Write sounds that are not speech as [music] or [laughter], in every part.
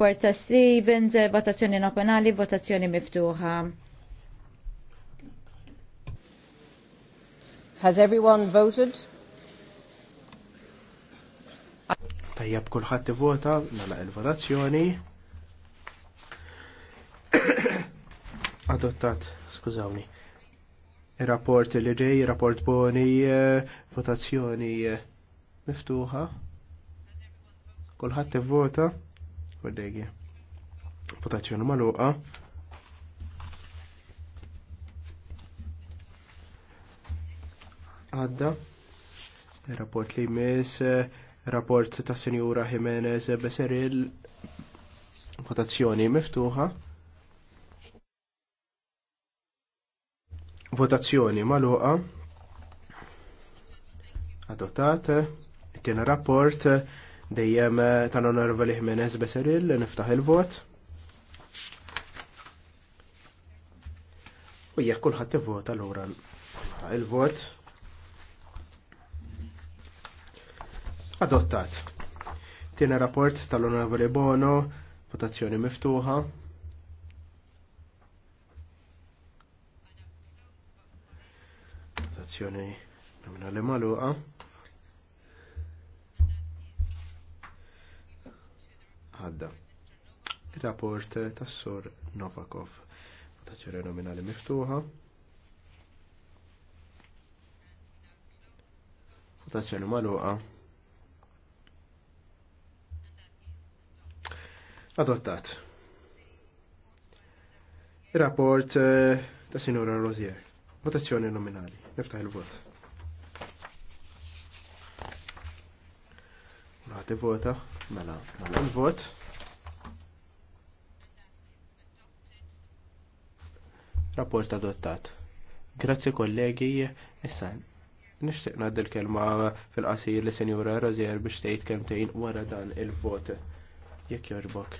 rapport Stevens, votazzjoni nopenali, votazzjoni miftuħa. Has everyone voted? Tajjab kulħadd ivota nagħlaq mela il-votazzjoni. [coughs] Adottat, skużawni. Il-rapport li ġej, rapport boni, eh, votazzjoni eh, miftuħa. Kulħadd ivvota kollegi. Votazzjoni maluqa. Għadda. Rapport li mis, rapport ta' Senjura Jimenez Beseril, votazzjoni miftuħa. Votazzjoni maluqa. Adottat. Tiena rapport dejjem eh, tal-Onorevoli Jimenez Beseril li niftaħ il-vot. U jekk kulħadd ivvota lura il-vot adottat. Tiena rapport tal-Onorevoli Bono, votazzjoni miftuħa. Votazzjoni nominali maluqa. għadda. Rapport tas-sur Novakov. Votazzjoni nominali miftuħa. Votazzjoni magħluqa. Adottat. Rapport eh, ta' Sinura Rosier. Votazzjoni nominali. Niftaħ il-vot. Ħati vota, mela, mela l-vot. Rapport adottat. Grazzi kollegi, issa nixtieq ngħaddi l-kelma fil-qasir li Senjura Rozier biex tgħid kemtejn wara dan il-vot. Jekk jogħġbok,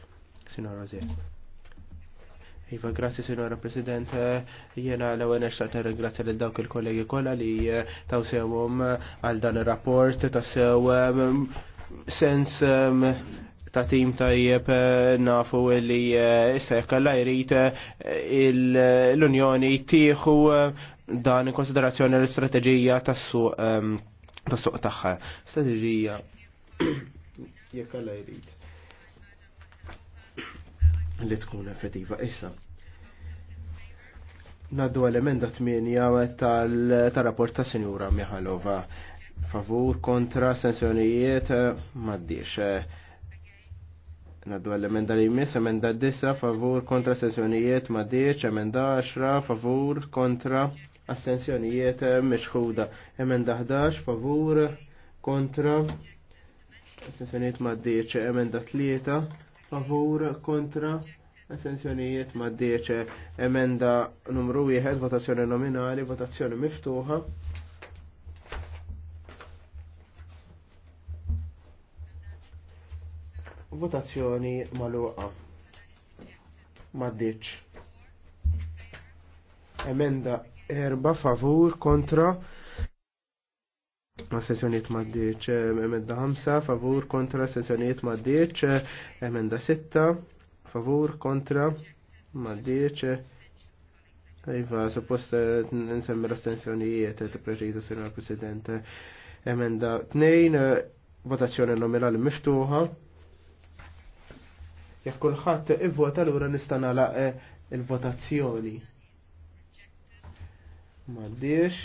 Sinjora Rozier. Iva, grazie Signora President, jena l-ewwel nixtaq nirringrazzja lil dawk il-kollegi kollha li taw sewhom għal dan ir-rapport tassew sens um, ta' tim tajjeb uh, nafu li uh, issa jekkalla jrid uh, l-Unjoni tieħu dan in konsiderazzjoni l-istrateġija tas-suq um, tas-suq tagħha. Strateġija [clears throat] jekkalla jrid li tkun effettiva issa. Naddu għal-emenda 8 tal-rapport ta' Sinjura Mihalova favur kontra sensjonijiet eh, maddiex. Eh, Naddu l-emenda li jmiss, emenda 9, favur kontra sensjonijiet maddiex, emenda 10, favur kontra assenzjonijiet eh, mixħuda. Emenda 11, favur kontra assenzjonijiet maddiex, emenda 3, favur kontra assenzjonijiet maddiex, emenda numru 1, votazzjoni nominali, votazzjoni miftuħa. Votazzjoni maluqa. Maddiċ. Emenda erba favur kontra Sessjoniet maddiċ, emenda ħamsa, favur kontra, sessjoniet maddiċ, emenda sitta, favur kontra, maddiċ, Iva, suppost nsemmi l-astensjonijiet, t-preċizu, Sr. President. Emenda 2, votazzjoni nominali miftuħa. Jekk kulħadd ivvota lura nista' nagħlaq eh, il-votazzjoni. M'għaddiex.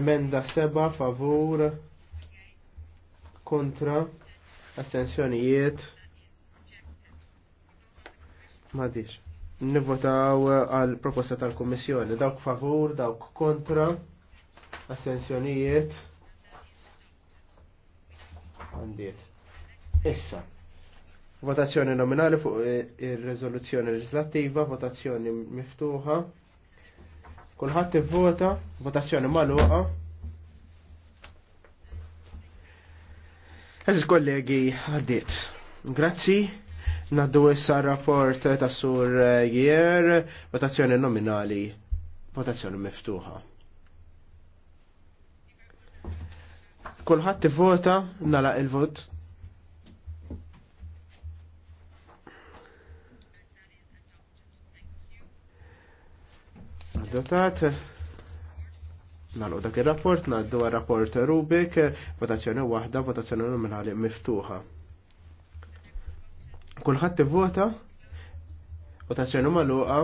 Emenda seba' favur kontra astensjonijiet. M'għaddiex. Nivvotaw għal proposta tal-Kummissjoni. Dawk favur, dawk kontra astensjonijiet għandiet. Issa, votazzjoni nominali fuq eh, ir-rezoluzzjoni legislativa, votazzjoni miftuħa, kulħadd ivvota, votazzjoni magħluqa. Eżis kollegi għaddit. Grazzi. Naddu issa rapport ta' sur jier, votazzjoni nominali, votazzjoni miftuħa. Kulħadd ivvota nala il-vot. dotat. Nalu dak il-rapport, naddu rapport Rubik, votazzjoni waħda, votazzjoni nominali miftuħa. Kulħadd ivvota, votazzjoni magħluqa.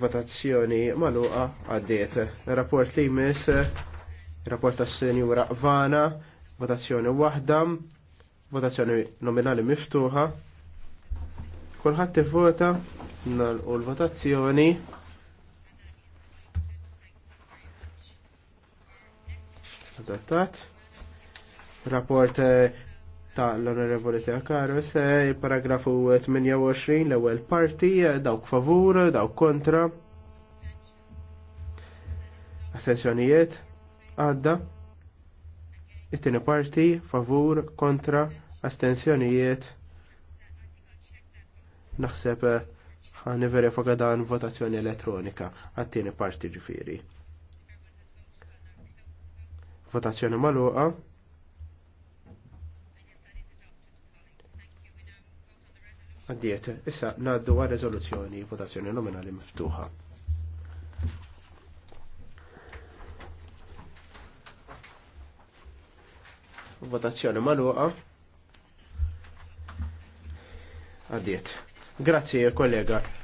votazzjoni magħluqa għaddiet. Rapport li jmiss, rapport tas senjura Vana, votazzjoni waħda, votazzjoni nominali miftuħa. Kulħadd ivvota, nalqu l-votazzjoni. Adattat. Rapport eh, ta' l-Onorevoli ta' Karos, eh, paragrafu 28, l-ewel parti, eh, dawk favur, dawk kontra. Assenzjonijiet, għadda. It-tieni parti, favur, kontra, astensjonijiet. Naħseb ħani verifika dan votazzjoni elettronika għattini parti ġifiri. Votazzjoni maluqa. Għaddiet, issa naddu għal rezoluzzjoni votazzjoni nominali miftuħa. Votazzjoni maluqa. Għaddiet. Grazie, kollega.